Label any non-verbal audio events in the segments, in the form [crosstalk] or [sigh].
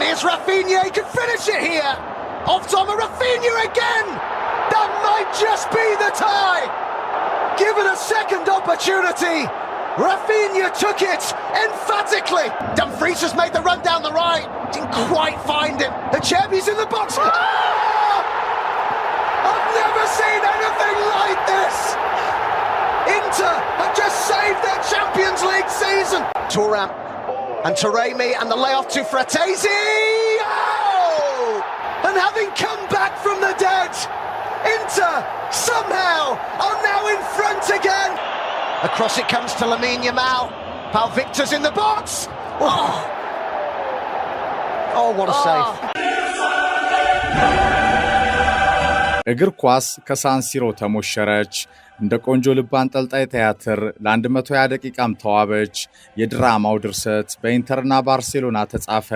And here's Rafinha, he can finish it here. Off Thomas Rafinha again. That might just be the tie. Given a second opportunity, Rafinha took it emphatically. Dumfries has made the run down the right. Didn't quite find him. The champions in the box. Ah! ah! I've never seen anything like this. Inter have just saved their Champions League season. Toram. And Taremi and the layoff to Fratesi! Oh! And having come back from the dead, Inter somehow are now in front again. Across it comes to Lamine Yamal. Pal Victor's in the box. Oh, oh what a oh. save. እግር ኳስ ከሳንሲሮ ተሞሸረች። እንደ ቆንጆ ልብ አንጠልጣይ ቲያትር ለ120 ደቂቃም ተዋበች። የድራማው ድርሰት በኢንተርና ባርሴሎና ተጻፈ።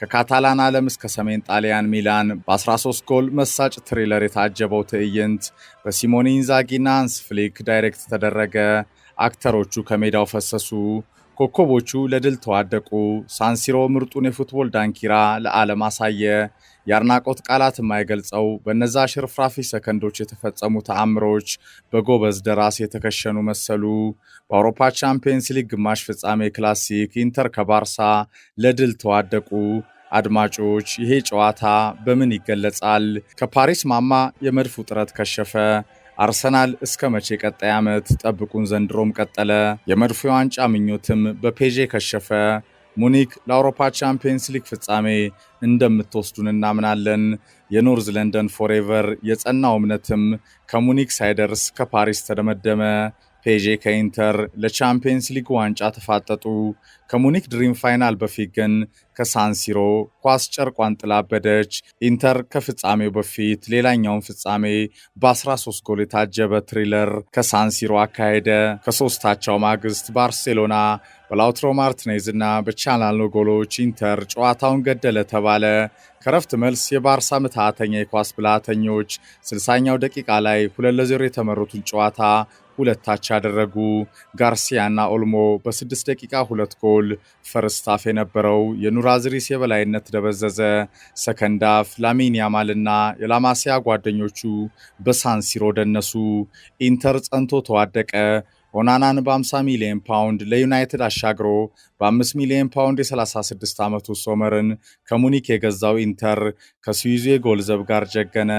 ከካታላን ዓለም እስከ ሰሜን ጣሊያን ሚላን በ13 ጎል መሳጭ ትሪለር የታጀበው ትዕይንት በሲሞኒ ኢንዛጊና ሃንሲ ፍሊክ ዳይሬክት ተደረገ። አክተሮቹ ከሜዳው ፈሰሱ። ኮከቦቹ ለድል ተዋደቁ። ሳንሲሮ ምርጡን የፉትቦል ዳንኪራ ለዓለም አሳየ። የአድናቆት ቃላት የማይገልጸው በነዛ ሽርፍራፊ ሰከንዶች የተፈጸሙ ተአምሮች በጎበዝ ደራስ የተከሸኑ መሰሉ። በአውሮፓ ቻምፒየንስ ሊግ ግማሽ ፍጻሜ ክላሲክ ኢንተር ከባርሳ ለድል ተዋደቁ። አድማጮች ይሄ ጨዋታ በምን ይገለጻል? ከፓሪስ ማማ የመድፍ ውጥረት ከሸፈ። አርሰናል እስከ መቼ ቀጣይ ዓመት ጠብቁን፣ ዘንድሮም ቀጠለ። የመድፎ ዋንጫ ምኞትም በፔዤ ከሸፈ። ሙኒክ ለአውሮፓ ቻምፒየንስ ሊግ ፍጻሜ እንደምትወስዱን እናምናለን። የኖርዝ ለንደን ፎሬቨር የጸናው እምነትም ከሙኒክ ሳይደርስ ከፓሪስ ተደመደመ። ፔዤ ከኢንተር ለቻምፒየንስ ሊግ ዋንጫ ተፋጠጡ። ከሙኒክ ድሪም ፋይናል በፊት ግን ከሳንሲሮ ኳስ ጨርቋን ጥላ በደች። ኢንተር ከፍጻሜው በፊት ሌላኛውን ፍጻሜ በ13 ጎል የታጀበ ትሪለር ከሳንሲሮ አካሄደ። ከሶስታቸው ማግስት ባርሴሎና በላውትሮ ማርቲኔዝ እና በቻናልኖ ጎሎች ኢንተር ጨዋታውን ገደለ ተባለ። ከረፍት መልስ የባርሳ ምትሃተኛ የኳስ ብልሃተኞች 60ኛው ደቂቃ ላይ 2 ለ0 የተመሩትን ጨዋታ ሁለታች ያደረጉ ጋርሲያና ኦልሞ በስድስት ደቂቃ ሁለት ጎል። ፈርስታፍ የነበረው የኑራዝሪስ የበላይነት ደበዘዘ። ሰከንዳፍ ላሚን ያማልና የላማሲያ ጓደኞቹ በሳንሲሮ ደነሱ። ኢንተር ጸንቶ ተዋደቀ። ኦናናን በ50 ሚሊዮን ፓውንድ ለዩናይትድ አሻግሮ በ5 ሚሊዮን ፓውንድ የ36 ዓመቱ ሶመርን ከሙኒክ የገዛው ኢንተር ከስዊዙ የጎልዘብ ጋር ጀገነ።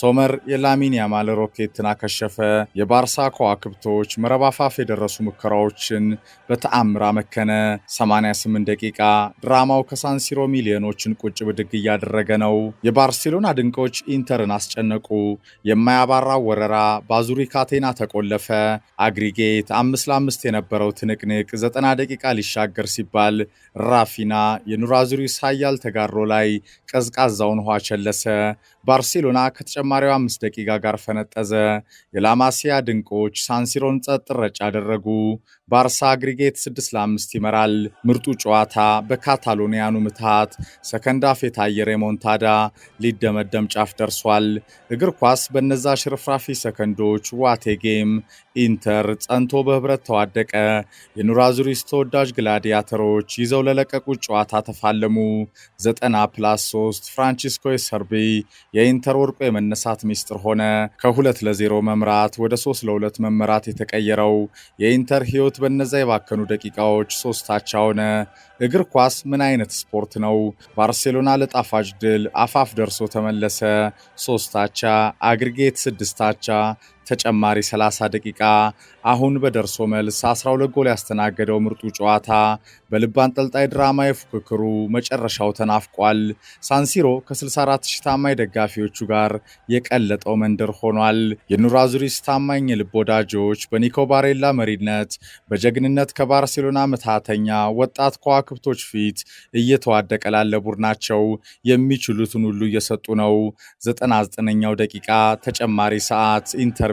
ሶመር የላሚን ያማል ሮኬትን አከሸፈ። የባርሳ ከዋክብቶች መረብ አፋፍ የደረሱ ሙከራዎችን በተአምር አመከነ። 88 ደቂቃ ድራማው ከሳንሲሮ ሚሊዮኖችን ቁጭ ብድግ እያደረገ ነው። የባርሴሎና ድንቆች ኢንተርን አስጨነቁ። የማያባራው ወረራ በአዙሪ ካቴና ተቆለፈ። አግሪጌ ስሜት አምስት ለአምስት የነበረው ትንቅንቅ ዘጠና ደቂቃ ሊሻገር ሲባል ራፊና የኑራዙሪስ ይሳያል። ተጋሮ ላይ ቀዝቃዛውን ውሃ ቸለሰ። ባርሴሎና ከተጨማሪው አምስት ደቂቃ ጋር ፈነጠዘ። የላማሲያ ድንቆች ሳንሲሮን ጸጥ ረጭ አደረጉ። ባርሳ አግሪጌት 6 ለ5 ይመራል። ምርጡ ጨዋታ በካታሎኒያኑ ምትሃት ሰከንዳፍ የታየ ሬሞንታዳ ሊደመደም ጫፍ ደርሷል። እግር ኳስ በነዛ ሽርፍራፊ ሰከንዶች ዋቴ ጌም ኢንተር ጸንቶ በህብረት ተዋደቀ። የኑራዙሪስ ተወዳጅ ግላዲያተሮች ይዘው ለለቀቁት ጨዋታ ተፋለሙ። 90 ፕላስ 3 ፍራንቺስኮ የሰርቢ የኢንተር ወርቆ የመነሳት ሚስጥር ሆነ። ከ2 ለ0 መምራት ወደ 3 ለ2 መመራት የተቀየረው የኢንተር ህይወት በነዛ የባከኑ ደቂቃዎች ሶስት አቻ ሆነ። እግር ኳስ ምን አይነት ስፖርት ነው? ባርሴሎና ለጣፋጭ ድል አፋፍ ደርሶ ተመለሰ። ሶስት አቻ፣ አግሪጌት ስድስት አቻ፣ ተጨማሪ 30 ደቂቃ አሁን በደርሶ መልስ 12 ጎል ያስተናገደው ምርጡ ጨዋታ በልብ አንጠልጣይ ድራማ የፉክክሩ መጨረሻው ተናፍቋል። ሳንሲሮ ከ64 ሺህ ታማኝ ደጋፊዎቹ ጋር የቀለጠው መንደር ሆኗል። የኑራዙሪስ ታማኝ የልብ ወዳጆች በኒኮ ባሬላ መሪነት በጀግንነት ከባርሴሎና መታተኛ ወጣት ከዋክብቶች ፊት እየተዋደቀ ላለ ቡድናቸው የሚችሉትን ሁሉ እየሰጡ ነው። 99ኛው ደቂቃ ተጨማሪ ሰዓት ኢንተር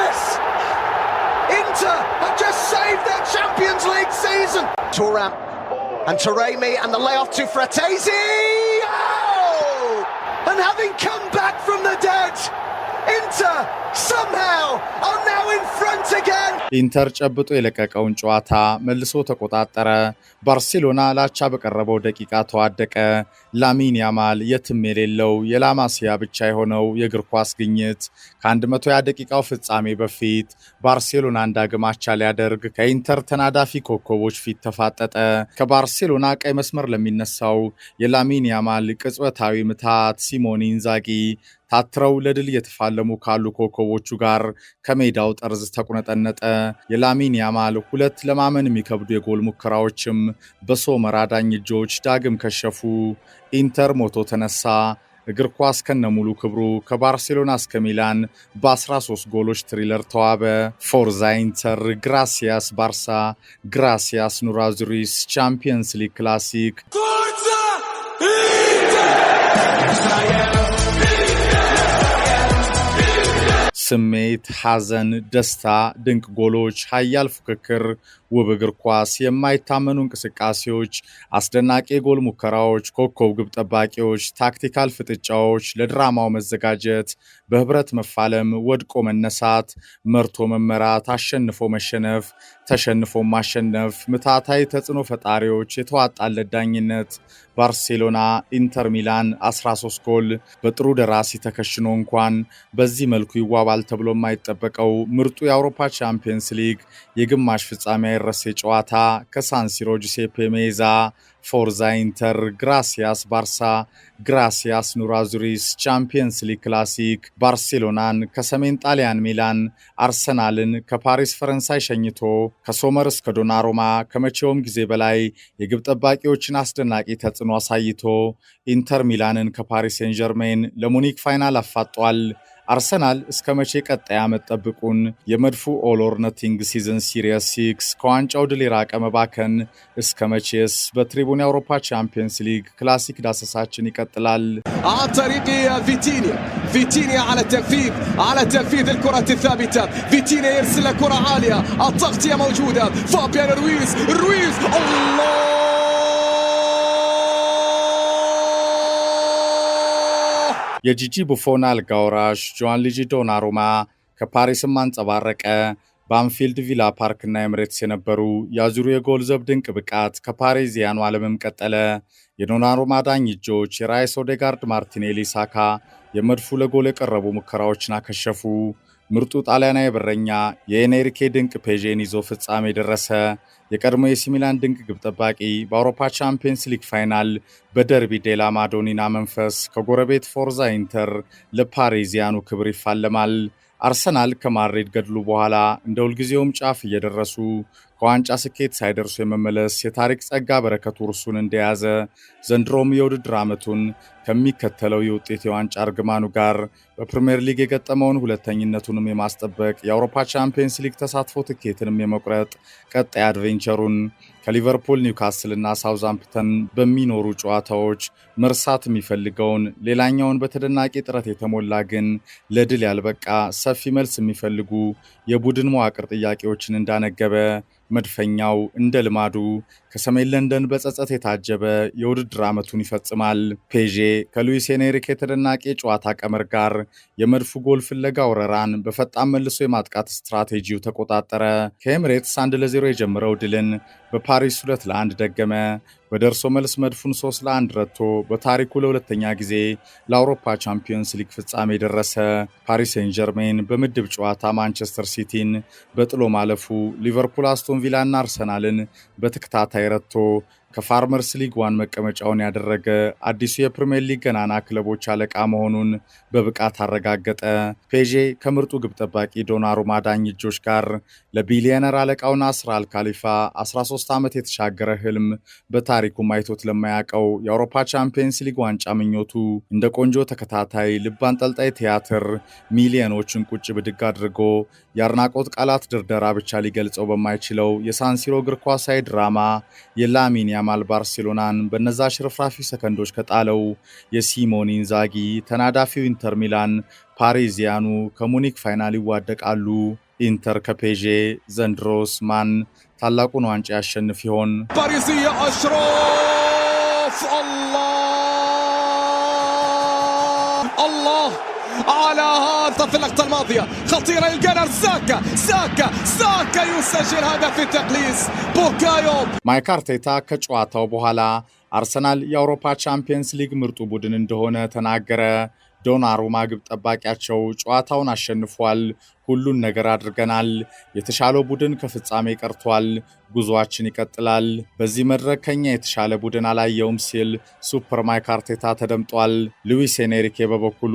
Inter have just saved their Champions League season. Toram and Taremi and the layoff to Fratesi. Oh! And having come back from the dead, Inter ኢንተር ጨብጦ የለቀቀውን ጨዋታ መልሶ ተቆጣጠረ። ባርሴሎና ላቻ በቀረበው ደቂቃ ተዋደቀ። ላሚን ያማል የትም የሌለው የላማሲያ ብቻ የሆነው የእግር ኳስ ግኝት ከ120 ደቂቃው ፍጻሜ በፊት ባርሴሎና እንዳግማቻ ሊያደርግ ከኢንተር ተናዳፊ ኮከቦች ፊት ተፋጠጠ። ከባርሴሎና ቀይ መስመር ለሚነሳው የላሚን ያማል ቅጽበታዊ ምታት ሲሞኒ ኢንዛጊ ታትረው ለድል እየተፋለሙ ካሉ ኮከ ኮከቦቹ ጋር ከሜዳው ጠርዝ ተቁነጠነጠ። የላሚን ያማል ሁለት ለማመን የሚከብዱ የጎል ሙከራዎችም በሶመር አዳኝ እጆች ዳግም ከሸፉ። ኢንተር ሞቶ ተነሳ። እግር ኳስ ከነሙሉ ክብሩ ከባርሴሎና እስከ ሚላን በ13 ጎሎች ትሪለር ተዋበ። ፎርዛ ኢንተር፣ ግራሲያስ ባርሳ፣ ግራሲያስ ኑራዙሪስ፣ ቻምፒየንስ ሊግ ክላሲክ ስሜት፣ ሐዘን፣ ደስታ፣ ድንቅ ጎሎች፣ ኃያል ፉክክር፣ ውብ እግር ኳስ፣ የማይታመኑ እንቅስቃሴዎች፣ አስደናቂ የጎል ሙከራዎች፣ ኮከብ ግብ ጠባቂዎች፣ ታክቲካል ፍጥጫዎች፣ ለድራማው መዘጋጀት፣ በህብረት መፋለም፣ ወድቆ መነሳት፣ መርቶ መመራት፣ አሸንፎ መሸነፍ፣ ተሸንፎ ማሸነፍ፣ ምታታይ ተጽዕኖ ፈጣሪዎች፣ የተዋጣለት ዳኝነት፣ ባርሴሎና ኢንተር ሚላን 13 ጎል በጥሩ ደራሲ ተከሽኖ እንኳን በዚህ መልኩ ይዋባል ይሆናል ተብሎ የማይጠበቀው ምርጡ የአውሮፓ ቻምፒየንስ ሊግ የግማሽ ፍጻሜ አይረሴ ጨዋታ ከሳንሲሮ ጁሴፔ ሜዛ ፎርዛ ኢንተር፣ ግራሲያስ ባርሳ፣ ግራሲያስ ኑራዙሪስ፣ ቻምፒየንስ ሊግ ክላሲክ ባርሴሎናን ከሰሜን ጣሊያን ሚላን፣ አርሰናልን ከፓሪስ ፈረንሳይ ሸኝቶ ከሶመር እስከ ዶናሮማ ከመቼውም ጊዜ በላይ የግብ ጠባቂዎችን አስደናቂ ተጽዕኖ አሳይቶ ኢንተር ሚላንን ከፓሪስ ሴን ጀርሜን ለሙኒክ ፋይናል አፋጧል። አርሰናል እስከ መቼ ቀጣይ ዓመት ጠብቁን? የመድፉ ኦል ኦር ነቲንግ ሲዝን ሲሪየስ ሲክስ ከዋንጫው ድል የራቀ መባከን እስከ መቼስ? በትሪቡን የአውሮፓ ቻምፒየንስ ሊግ ክላሲክ ዳሰሳችን ይቀጥላል። አጠሪቅ ቪቲኒያ ቪቲኒያ على تنفيذ على تنفيذ الكرة الثابتة فيتينيا يرسل كرة አሊያ التغطية موجودة ፋቢያን ሩዊዝ ሩዊዝ الله የጂጂ ቡፎን አልጋ ወራሽ ጆዋን ልጂ ዶናሩማ ከፓሪስም አንጸባረቀ። በአንፊልድ ቪላ ፓርክና ኤምሬትስ የነበሩ የአዙሩ የጎል ዘብ ድንቅ ብቃት ከፓሪዚያኑ ዓለምም ቀጠለ። የዶናሩማ ዳኝ እጆች፣ የራይስ ኦዴጋርድ፣ ማርቲኔሊ፣ ሳካ የመድፉ ለጎል የቀረቡ ሙከራዎችን አከሸፉ። ምርጡ ጣሊያናዊ በረኛ የኤኔሪኬ ድንቅ ፔዤን ይዞ ፍጻሜ ደረሰ። የቀድሞ የሲ ሚላን ድንቅ ግብ ጠባቂ በአውሮፓ ቻምፒየንስ ሊግ ፋይናል በደርቢ ዴላ ማዶኒና መንፈስ ከጎረቤት ፎርዛ ኢንተር ለፓሪዚያኑ ክብር ይፋለማል። አርሰናል ከማድሪድ ገድሉ በኋላ እንደ ሁልጊዜውም ጫፍ እየደረሱ ከዋንጫ ስኬት ሳይደርሱ የመመለስ የታሪክ ጸጋ በረከቱ እርሱን እንደያዘ ዘንድሮም የውድድር ዓመቱን ከሚከተለው የውጤት የዋንጫ እርግማኑ ጋር በፕሪምየር ሊግ የገጠመውን ሁለተኝነቱንም የማስጠበቅ የአውሮፓ ቻምፒየንስ ሊግ ተሳትፎ ትኬትንም የመቁረጥ ቀጣይ አድቬንቸሩን ከሊቨርፑል ኒውካስል እና ሳውዝሃምፕተን በሚኖሩ ጨዋታዎች መርሳት የሚፈልገውን ሌላኛውን በተደናቂ ጥረት የተሞላ ግን ለድል ያልበቃ ሰፊ መልስ የሚፈልጉ የቡድን መዋቅር ጥያቄዎችን እንዳነገበ መድፈኛው እንደ ልማዱ ከሰሜን ለንደን በጸጸት የታጀበ የውድድር ዓመቱን ይፈጽማል ፔዤ ጊዜ ከሉዊስ ኤንሪኬ ተደናቂ የጨዋታ ቀመር ጋር የመድፉ ጎል ፍለጋ ወረራን በፈጣን መልሶ የማጥቃት ስትራቴጂው ተቆጣጠረ። ከኤምሬትስ 1 ለ0 የጀመረው ድልን በፓሪስ 2 ለ1 ደገመ። በደርሶ መልስ መድፉን 3 ለ1 ረትቶ በታሪኩ ለሁለተኛ ጊዜ ለአውሮፓ ቻምፒዮንስ ሊግ ፍጻሜ የደረሰ ፓሪስ ሴን ጀርሜን በምድብ ጨዋታ ማንቸስተር ሲቲን በጥሎ ማለፉ ሊቨርፑል፣ አስቶን ቪላና አርሰናልን በተከታታይ ረትቶ ከፋርመርስ ሊግ ዋን መቀመጫውን ያደረገ አዲሱ የፕሪምየር ሊግ ገናና ክለቦች አለቃ መሆኑን በብቃት አረጋገጠ። ፔዤ ከምርጡ ግብ ጠባቂ ዶናሩማ እጆች ጋር ለቢሊየነር አለቃው ናስር አልካሊፋ 13 ዓመት የተሻገረ ህልም በታሪኩ ማይቶት ለማያውቀው የአውሮፓ ቻምፒየንስ ሊግ ዋንጫ ምኞቱ እንደ ቆንጆ ተከታታይ ልብ አንጠልጣይ ቲያትር ሚሊዮኖችን ቁጭ ብድግ አድርጎ የአድናቆት ቃላት ድርደራ ብቻ ሊገልጸው በማይችለው የሳንሲሮ እግር ኳሳዊ ድራማ የላሚን ያማል ባርሴሎናን በነዛ ሽርፍራፊ ሰከንዶች ከጣለው የሲሞን ኢንዛጊ ተናዳፊው ኢንተር ሚላን ፓሪዚያኑ ከሙኒክ ፋይናል ይዋደቃሉ። ኢንተር ከፔዤ ዘንድሮስ ማን ታላቁን ዋንጫ ያሸንፍ ይሆን? ፓሪዚ አሽራፍ አላህ አላህ على هاتف اللقطة الماضية خطيرة للجنر ساكا ساكا ساكا يسجل هدف التقليص بوكايو ማይክ አርቴታ ከጨዋታው በኋላ አርሰናል የአውሮፓ ቻምፒየንስ ሊግ ምርጡ ቡድን እንደሆነ ተናገረ። ዶናሩማ ግብ ጠባቂያቸው ጨዋታውን አሸንፏል። ሁሉን ነገር አድርገናል። የተሻለው ቡድን ከፍጻሜ ቀርቷል። ጉዞአችን ይቀጥላል። በዚህ መድረክ ከኛ የተሻለ ቡድን አላየውም ሲል ሱፐር ማይክ አርቴታ ተደምጧል። ሉዊስ ኤንሪኬ በበኩሉ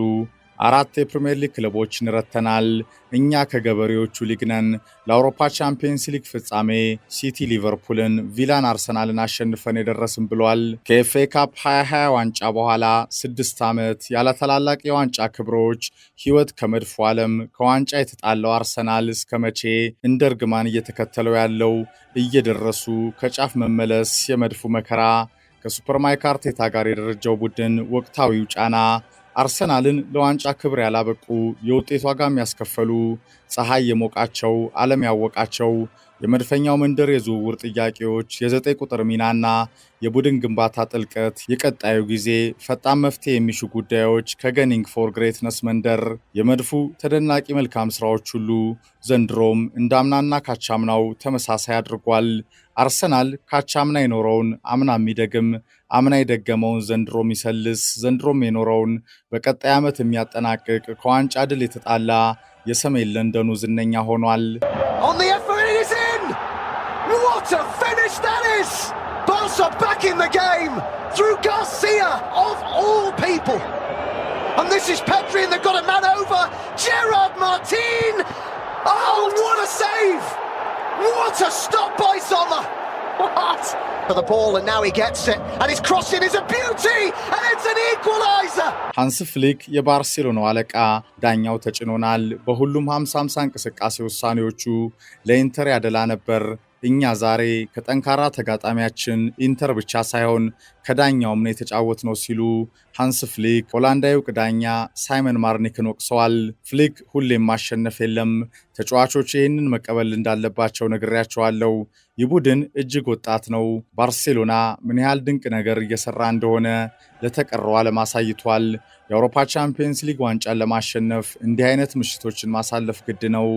አራት የፕሪምየር ሊግ ክለቦችን ረተናል። እኛ ከገበሬዎቹ ሊግ ነን። ለአውሮፓ ቻምፒየንስ ሊግ ፍጻሜ ሲቲ ሊቨርፑልን፣ ቪላን አርሰናልን አሸንፈን የደረስን ብሏል። ከኤፍኤ ካፕ 2020 ዋንጫ በኋላ ስድስት ዓመት ያለ ታላላቅ የዋንጫ ክብሮች ሕይወት ከመድፎ ዓለም ከዋንጫ የተጣለው አርሰናል እስከ መቼ እንደ እርግማን እየተከተለው ያለው እየደረሱ ከጫፍ መመለስ የመድፉ መከራ ከሱፐር ማይክ አርቴታ ጋር የደረጃው ቡድን ወቅታዊው ጫና አርሰናልን ለዋንጫ ክብር ያላበቁ የውጤት ዋጋ የሚያስከፈሉ ፀሐይ የሞቃቸው ዓለም ያወቃቸው የመድፈኛው መንደር የዝውውር ጥያቄዎች፣ የዘጠኝ ቁጥር ሚናና የቡድን ግንባታ ጥልቀት፣ የቀጣዩ ጊዜ ፈጣን መፍትሄ የሚሹ ጉዳዮች ከገኒንግ ፎር ግሬትነስ መንደር የመድፉ ተደናቂ መልካም ስራዎች ሁሉ ዘንድሮም እንዳምናና ካቻምናው ተመሳሳይ አድርጓል። አርሰናል ካቻምና የኖረውን አምና የሚደግም አምና የደገመውን ዘንድሮ የሚሰልስ ዘንድሮም የኖረውን በቀጣይ ዓመት የሚያጠናቅቅ ከዋንጫ ድል የተጣላ የሰሜን ለንደኑ ዝነኛ ሆኗል። oh, What a stop by Sommer! ሃንስ ፍሊክ የባርሴሎናው አለቃ፣ ዳኛው ተጭኖናል። በሁሉም 50 50 እንቅስቃሴ ውሳኔዎቹ ለኢንተር ያደላ ነበር። እኛ ዛሬ ከጠንካራ ተጋጣሚያችን ኢንተር ብቻ ሳይሆን ከዳኛውም ነው ነው ሲሉ ሃንስ ፍሊክ ሆላንዳዊው ዳኛ ሳይመን ማርኒክን ወቅሰዋል። ፍሊክ ሁሌም ማሸነፍ የለም ተጫዋቾች ይህንን መቀበል እንዳለባቸው ነግሬያቸዋለሁ። ይህ ቡድን እጅግ ወጣት ነው። ባርሴሎና ምን ያህል ድንቅ ነገር እየሰራ እንደሆነ ለተቀረው ዓለም አሳይቷል። የአውሮፓ ቻምፒየንስ ሊግ ዋንጫን ለማሸነፍ እንዲህ አይነት ምሽቶችን ማሳለፍ ግድ ነው።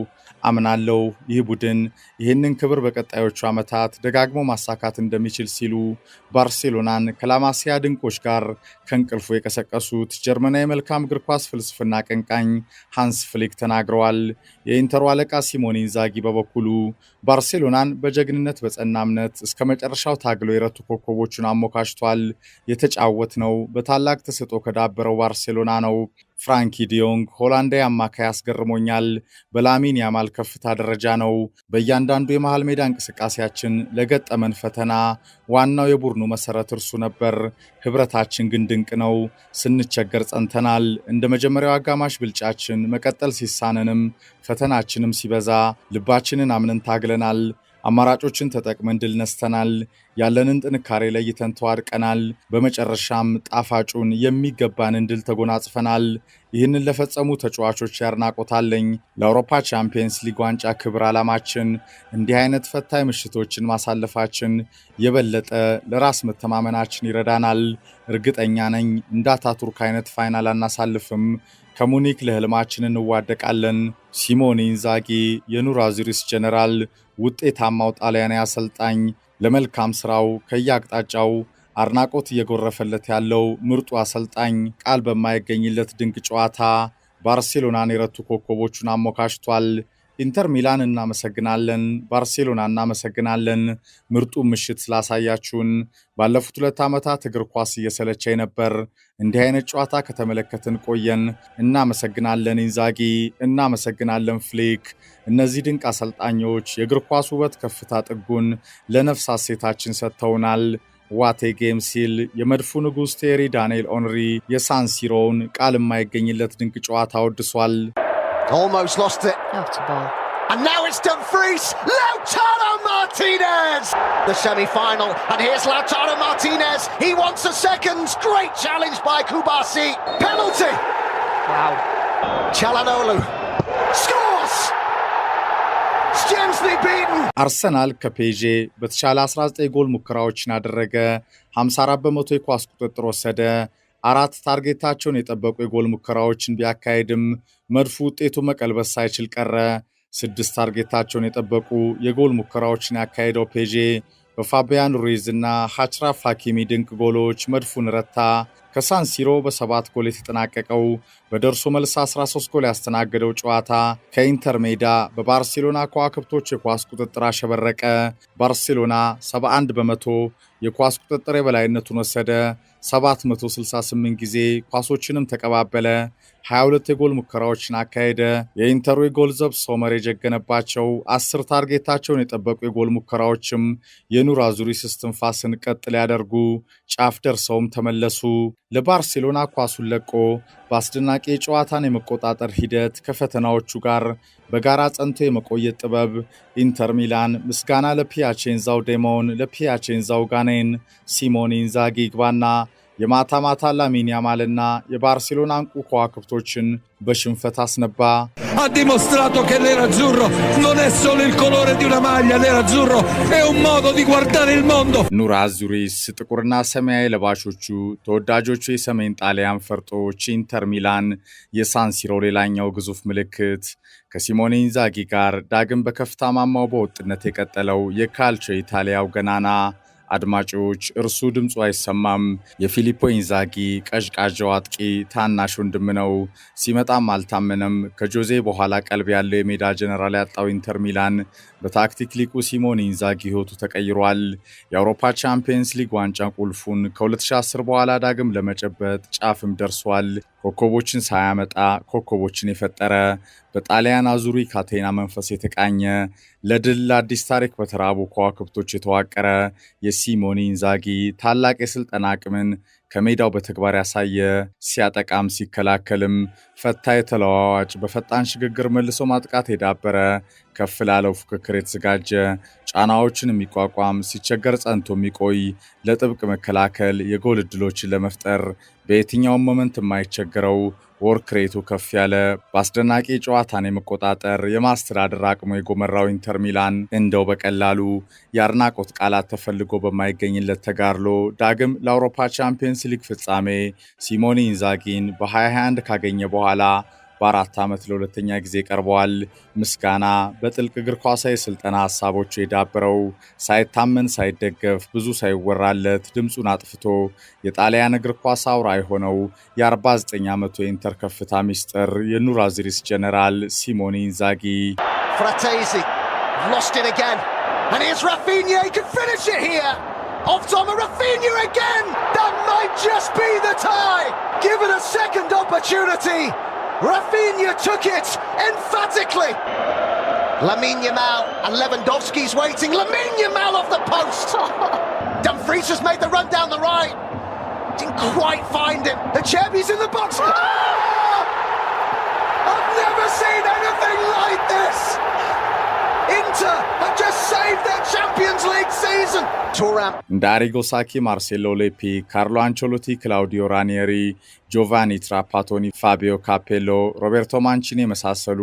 አምናለሁ ይህ ቡድን ይህንን ክብር በቀጣዮቹ ዓመታት ደጋግሞ ማሳካት እንደሚችል ሲሉ ባርሴሎናን ከላማሲያ ድንቆች ጋር ከእንቅልፉ የቀሰቀሱት ጀርመናዊ መልካም እግር ኳስ ፍልስፍና አቀንቃኝ ሃንስ ፍሊክ ተናግረዋል። የኢንተሮ አለቃ ሲሞኔ ኢንዛጊ በበኩሉ ባርሴሎናን በጀግንነት በጸና እምነት እስከ መጨረሻው ታግሎ የረቱ ኮከቦቹን አሞካሽቷል። የተጫወት ነው በታላቅ ተሰጦ ከዳበረው ባርሴሎና ነው። ፍራንኪ ዲዮንግ ሆላንዳዊ አማካይ አስገርሞኛል። በላሚን ያማል ከፍታ ደረጃ ነው። በእያንዳንዱ የመሃል ሜዳ እንቅስቃሴያችን ለገጠመን ፈተና ዋናው የቡድኑ መሰረት እርሱ ነበር። ህብረታችን ግን ድንቅ ነው። ስንቸገር ጸንተናል። እንደ መጀመሪያው አጋማሽ ብልጫችን መቀጠል ሲሳነንም ፈተናችንም ሲበዛ ልባችንን አምነን ታግለናል። አማራጮችን ተጠቅመን ድል ነስተናል። ያለንን ጥንካሬ ለይተን ተዋድቀናል። በመጨረሻም ጣፋጩን የሚገባንን ድል ተጎናጽፈናል። ይህንን ለፈጸሙ ተጫዋቾች ያድናቆታለኝ። ለአውሮፓ ቻምፒየንስ ሊግ ዋንጫ ክብር ዓላማችን እንዲህ አይነት ፈታኝ ምሽቶችን ማሳለፋችን የበለጠ ለራስ መተማመናችን ይረዳናል። እርግጠኛ ነኝ እንደ አታቱርክ አይነት ፋይናል አናሳልፍም። ከሙኒክ ለህልማችን እንዋደቃለን። ሲሞኔ ኢንዛጊ የኑራዚሪስ ጀነራል ውጤታማው ጣሊያናዊ አሰልጣኝ ለመልካም ስራው ከየአቅጣጫው አድናቆት እየጎረፈለት ያለው ምርጡ አሰልጣኝ ቃል በማይገኝለት ድንቅ ጨዋታ ባርሴሎናን የረቱ ኮከቦቹን አሞካሽቷል። ኢንተር ሚላን እናመሰግናለን፣ ባርሴሎና እናመሰግናለን። ምርጡ ምሽት ስላሳያችሁን። ባለፉት ሁለት ዓመታት እግር ኳስ እየሰለቸኝ ነበር። እንዲህ አይነት ጨዋታ ከተመለከትን ቆየን። እናመሰግናለን ኢንዛጊ፣ እናመሰግናለን ፍሊክ። እነዚህ ድንቅ አሰልጣኞች የእግር ኳስ ውበት ከፍታ ጥጉን ለነፍስ አሴታችን ሰጥተውናል። ዋቴ ጌም ሲል የመድፉ ንጉሥ ቴሪ ዳንኤል ኦንሪ የሳንሲሮውን ቃል የማይገኝለት ድንቅ ጨዋታ ወድሷል። Almost lost it. Out ball. And now it's Dumfries, Lautaro Martinez! The semi-final, and here's Lautaro Martinez. He wants a second. Great challenge by Kubasi. Penalty! Wow. Chalanolu scores! ስተንስሊ ቢትን አርሰናል ከፔዤ በተሻለ 19 ጎል ሙከራዎችን አደረገ። 54 በመቶ የኳስ ቁጥጥር ወሰደ። አራት ታርጌታቸውን የጠበቁ የጎል ሙከራዎችን ቢያካሄድም መድፉ ውጤቱ መቀልበስ ሳይችል ቀረ። ስድስት ታርጌታቸውን የጠበቁ የጎል ሙከራዎችን ያካሄደው ፔዤ በፋቢያን ሩይዝ እና ሃችራፍ ሃኪሚ ድንቅ ጎሎች መድፉን ረታ። ከሳንሲሮ በሰባት ጎል የተጠናቀቀው በደርሶ መልስ 13 ጎል ያስተናገደው ጨዋታ ከኢንተር ሜዳ በባርሴሎና ከዋክብቶች የኳስ ቁጥጥር አሸበረቀ። ባርሴሎና 71 በመቶ የኳስ ቁጥጥር የበላይነቱን ወሰደ። 768 ጊዜ ኳሶችንም ተቀባበለ። 22 የጎል ሙከራዎችን አካሄደ። የኢንተሩ የጎል ዘብ ሶመር የጀገነባቸው አስር ታርጌታቸውን የጠበቁ የጎል ሙከራዎችም የኑራ ዙሪስ ቀጥል ቀጥ ሊያደርጉ ጫፍ ደርሰውም ተመለሱ። ለባርሴሎና ኳሱን ለቆ በአስደናቂ የጨዋታን የመቆጣጠር ሂደት ከፈተናዎቹ ጋር በጋራ ጸንቶ የመቆየት ጥበብ ኢንተር ሚላን ምስጋና ለፒያቼንዛው ዴሞን፣ ለፒያቼንዛው ጋኔን ሲሞኔ ኢንዛጊ ይግባና የማታ ማታ ላሚን ያማልና የባርሴሎና እንቁ ከዋክብቶችን በሽንፈት አስነባ። ኑር አዙሪስ ጥቁርና ሰማያዊ ለባሾቹ ተወዳጆቹ የሰሜን ጣሊያን ፈርጦች ኢንተር ሚላን የሳንሲሮ ሌላኛው ግዙፍ ምልክት ከሲሞኔ ኢንዛጊ ጋር ዳግም በከፍታ ማማው በወጥነት የቀጠለው የካልቾ ኢታሊያው ገናና አድማጮች እርሱ ድምፁ አይሰማም። የፊሊፖ ኢንዛጊ ቀዥቃዣው አጥቂ ታናሽ ወንድም ነው። ሲመጣም አልታመነም። ከጆዜ በኋላ ቀልብ ያለው የሜዳ ጀነራል ያጣው ኢንተር ሚላን በታክቲክ ሊቁ ሲሞን ኢንዛጊ ህይወቱ ተቀይሯል። የአውሮፓ ቻምፒየንስ ሊግ ዋንጫ ቁልፉን ከ2010 በኋላ ዳግም ለመጨበጥ ጫፍም ደርሷል። ኮከቦችን ሳያመጣ ኮከቦችን የፈጠረ በጣሊያን አዙሪ ካቴና መንፈስ የተቃኘ ለድል ለአዲስ ታሪክ በተራቡ ከዋክብቶች የተዋቀረ የሲሞኒ ኢንዛጊ ታላቅ የስልጠና አቅምን ከሜዳው በተግባር ያሳየ፣ ሲያጠቃም ሲከላከልም ፈታ የተለዋዋጭ በፈጣን ሽግግር መልሶ ማጥቃት የዳበረ፣ ከፍ ላለው ፉክክር የተዘጋጀ፣ ጫናዎችን የሚቋቋም፣ ሲቸገር ጸንቶ የሚቆይ፣ ለጥብቅ መከላከል፣ የጎል ዕድሎችን ለመፍጠር በየትኛውም ሞመንት የማይቸግረው ወርክሬቱ ከፍ ያለ በአስደናቂ ጨዋታን የመቆጣጠር የማስተዳደር አቅሙ የጎመራው ኢንተር ሚላን እንደው በቀላሉ የአድናቆት ቃላት ተፈልጎ በማይገኝለት ተጋድሎ ዳግም ለአውሮፓ ቻምፒየንስ ሊግ ፍጻሜ ሲሞኒ ኢንዛጊን በ2021 ካገኘ በኋላ በአራት ዓመት ለሁለተኛ ጊዜ ቀርበዋል። ምስጋና በጥልቅ እግር ኳሳዊ ስልጠና ሀሳቦቹ የዳበረው ሳይታመን ሳይደገፍ ብዙ ሳይወራለት ድምፁን አጥፍቶ የጣሊያን እግር ኳስ አውራ የሆነው የ49 ዓመቱ የኢንተር ከፍታ ሚስጥር የኑራዚሪስ ጀነራል ሲሞኒ ኢንዛጊ That Rafinha took it emphatically. Lamine Yamal and Lewandowski's waiting. Lamine Yamal off the post. [laughs] Dumfries has made the run down the right. Didn't quite find him. Achebe's in the box. [laughs] I've never seen anything like this. Inter have just እንደ አሪጎ ሳኪ፣ ማርሴሎ ሌፒ፣ ካርሎ አንቸሎቲ፣ ክላውዲዮ ራኒየሪ፣ ጆቫኒ ትራፓቶኒ፣ ፋቢዮ ካፔሎ፣ ሮቤርቶ ማንቺን የመሳሰሉ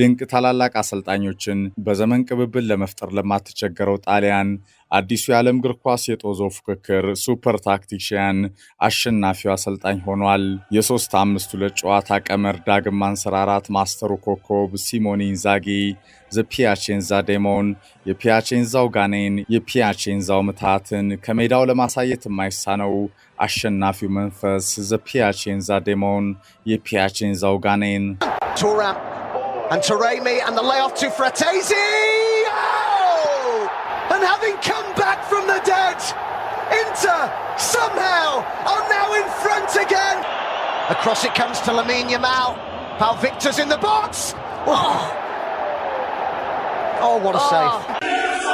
ድንቅ ታላላቅ አሰልጣኞችን በዘመን ቅብብል ለመፍጠር ለማትቸገረው ጣሊያን አዲሱ የዓለም እግር ኳስ የጦዞ ፉክክር ሱፐር ታክቲሽያን አሸናፊው አሰልጣኝ ሆኗል። የሶስት አምስት ሁለት ጨዋታ ቀመር ዳግም ማንሰራራት ማስተሩ ኮከብ ሲሞኒ ኢንዛጌ። ዘፒያቼንዛ ዴሞን፣ የፒያቼንዛው ጋኔን፣ የፒያቼንዛው ምትሃትን ከሜዳው ለማሳየት የማይሳነው አሸናፊው መንፈስ ዘፒያቼንዛ ዴሞን፣ የፒያቼንዛው ጋኔን And Taremi and the layoff to Fratesi! Oh! And having come back from the dead, Inter somehow are now in front again. Across it comes to Lamine Yamal. Pal Victor's in the box. Oh! Oh, what a oh. save.